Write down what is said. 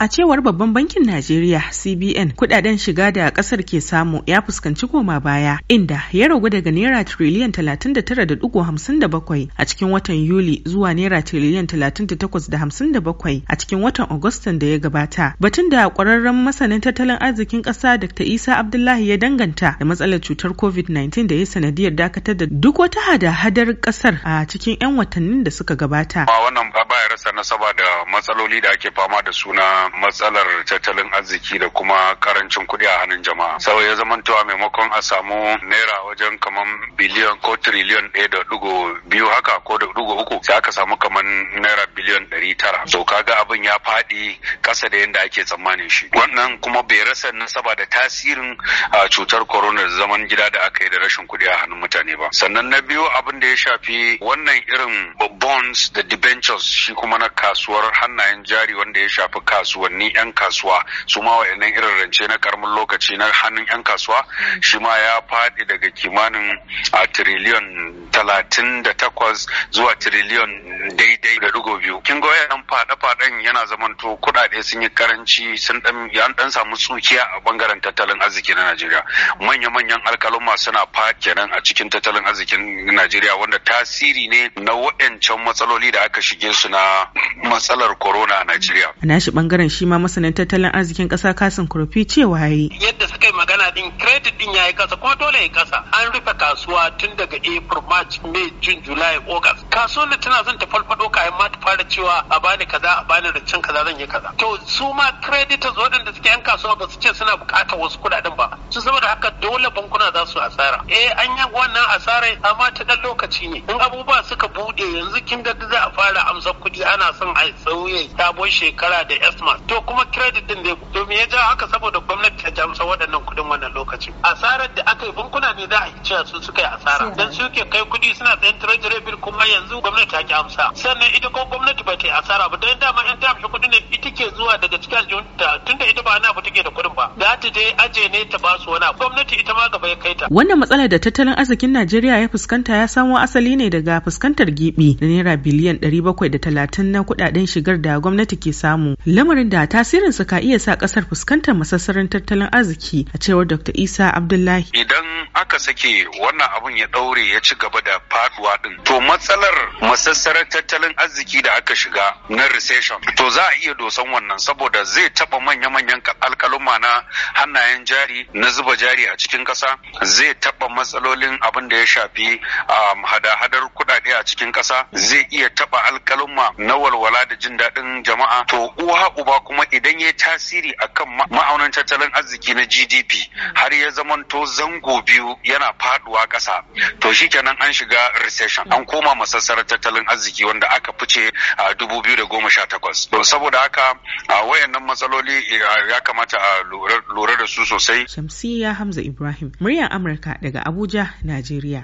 A cewar Babban Bankin Najeriya CBN kudaden shiga da kasar ke samu ya fuskanci koma baya inda ya ragu daga naira triliyan 39.57 a cikin watan Yuli zuwa naira triliyan 38.57 a cikin watan Agustan da ya gabata. Batun da kwararren masanin tattalin arzikin kasa Dr. Isa Abdullahi ya danganta da matsalar cutar COVID-19 da ya sanadiyar dakatar da duk wata hada-hadar kasar a cikin 'yan watannin da suka gabata. Wannan ba rasa nasaba da matsaloli da ake fama da suna matsalar tattalin arziki da kuma karancin kuɗi a hannun jama'a sau ya tuwa maimakon a samu naira wajen kaman biliyan ko triliyon ɗaya da ɗigo biyu haka ko da ɗigo uku sai aka samu kamar naira biliyon ɗari tara ka ga abin ya faɗi ƙasa da yadda ake tsammanin shi wannan kuma bai rasa nasaba da tasirin a cutar corona da zaman gida da aka yi da rashin kuɗi a hannun mutane ba sannan na biyu abin da ya shafi wannan irin bonds da debentures shi kuma na kasuwar hannayen jari wanda ya shafi kasuwa kasuwanni yan kasuwa su ma wa'annan irin rance na karamin lokaci na hannun yan kasuwa shi ma ya faɗi daga kimanin a tiriliyon talatin da takwas zuwa tiriliyon daidai da dugo biyu kin ga wayannan fada-fadan yana zamanto kuɗaɗe sun yi karanci sun dan yan dan samu tsukiya a bangaren tattalin arziki na Najeriya manya-manyan alkaluma suna fakenan a cikin tattalin arzikin Najeriya wanda tasiri ne na waɗancan matsaloli da aka shige su na matsalar corona a Najeriya a nashi bangaren shi ma masanin tattalin arzikin ƙasa Kasim Kurfi cewa yayi yadda suka yi magana din credit din yi kasa kuma dole ya kasa an rufe kasuwa tun daga April March May June July August kasuwar da tana son ta falfado kayan ma ta fara cewa a bani kaza a bani da can kaza zan yi kaza to su ma creditors waɗanda suke yan kasuwa ba su ce suna buƙatar wasu kuɗaɗen ba su saboda haka dole bankuna za su asara eh an yi wannan asarar amma ta ɗan lokaci ne in abubuwa suka buɗe yanzu kin ga za a fara amsa kuɗi ana son a sauye sabon shekara da esma to kuma credit din da ya ja haka saboda kai bankuna me za a yi cewa su suka yi asara dan suke kai kudi suna sayan treasury bill kuma yanzu gwamnati ta ki amsa sannan ita ko gwamnati ba ta yi asara ba dan dama yan ta amshi kudi ne ita ke zuwa daga cikin aljihun ta tunda ita ba na ba take da kuɗin da ta je aje ne ta ba su wani gwamnati ita ma gaba ya kai ta. Wannan matsalar da tattalin arzikin Najeriya ya fuskanta ya samo asali ne daga fuskantar gibi da naira biliyan ɗari bakwai da talatin na kuɗaɗen shigar da gwamnati ke samu. Lamarin da tasirinsa ka iya sa kasar fuskantar masassarin tattalin arziki a cewar Dr. Isa Abdullahi. Idan aka sake wannan abun ya daure ya ci gaba da faduwa din to matsalar masassarar tattalin arziki da aka shiga na recession to za a iya dosan wannan saboda zai taba manya-manyan alkaluma na hannayen jari na zuba jari a cikin ƙasa zai taɓa matsalolin abin da ya shafi um, hada-hadar kuɗa zaɓe a cikin ƙasa zai iya taɓa alƙalumma na walwala da jin daɗin jama'a to uwa uba kuma idan ya tasiri akan ma'aunin tattalin arziki na GDP har ya zamanto zango biyu yana faɗuwa ƙasa to shi kenan an shiga recession an koma masassarar tattalin arziki wanda aka fice a 2018 to saboda haka a wayannan matsaloli ya kamata a lura da su sosai shamsiya Hamza Ibrahim muryar Amurka daga Abuja Najeriya